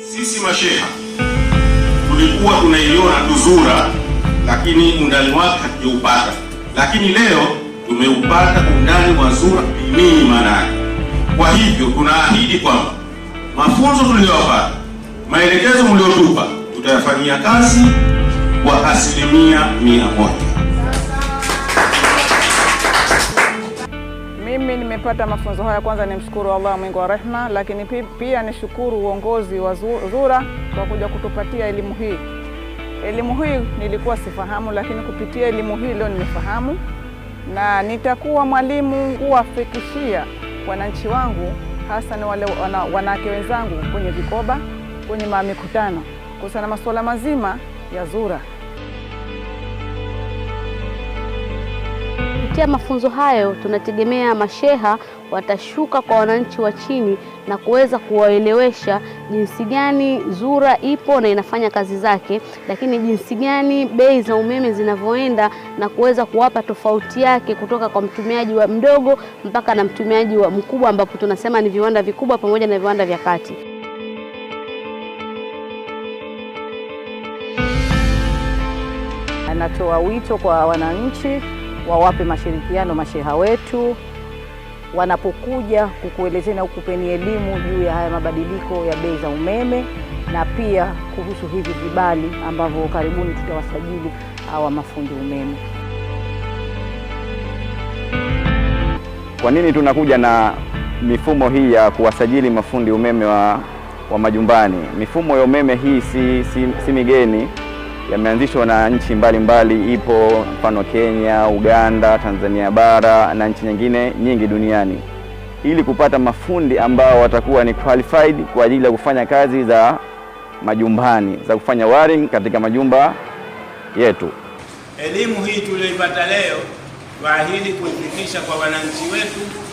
Sisi masheha tulikuwa tunaiona tuzura, lakini undani wake hatujaupata, lakini leo tumeupata undani wa zura nini maana yake. Kwa hivyo tunaahidi kwamba mafunzo tuliyopata, maelekezo mliotupa, tutayafanyia kazi kwa asilimia mia moja. nimepata mafunzo haya, kwanza ni mshukuru Allah mwingi wa rehma, lakini pia nishukuru uongozi wa Zura kwa kuja kutupatia elimu hii. Elimu hii nilikuwa sifahamu, lakini kupitia elimu hii leo nimefahamu, na nitakuwa mwalimu kuwafikishia wananchi wangu, hasa ni wale wanawake wenzangu kwenye vikoba, kwenye mamikutano kuhusiana na masuala mazima ya Zura. Kupitia mafunzo hayo, tunategemea masheha watashuka kwa wananchi wa chini na kuweza kuwaelewesha jinsi gani ZURA ipo na inafanya kazi zake, lakini jinsi gani bei za umeme zinavyoenda na kuweza kuwapa tofauti yake kutoka kwa mtumiaji wa mdogo mpaka na mtumiaji wa mkubwa, ambapo tunasema ni viwanda vikubwa pamoja na viwanda vya kati. Natoa wito kwa wananchi wawape mashirikiano masheha wetu wanapokuja kukuelezea na kukupeni elimu juu ya haya mabadiliko ya bei za umeme na pia kuhusu hivi vibali ambavyo karibuni tutawasajili hawa mafundi umeme. Kwa nini tunakuja na mifumo hii ya kuwasajili mafundi umeme wa, wa majumbani? Mifumo ya umeme hii si, si, si migeni yameanzishwa na nchi mbalimbali mbali, ipo mfano Kenya, Uganda, Tanzania bara na nchi nyingine nyingi duniani ili kupata mafundi ambao watakuwa ni qualified kwa ajili ya kufanya kazi za majumbani za kufanya wiring katika majumba yetu. Elimu hii tuliyoipata leo, waahidi kuifikisha kwa wananchi wetu.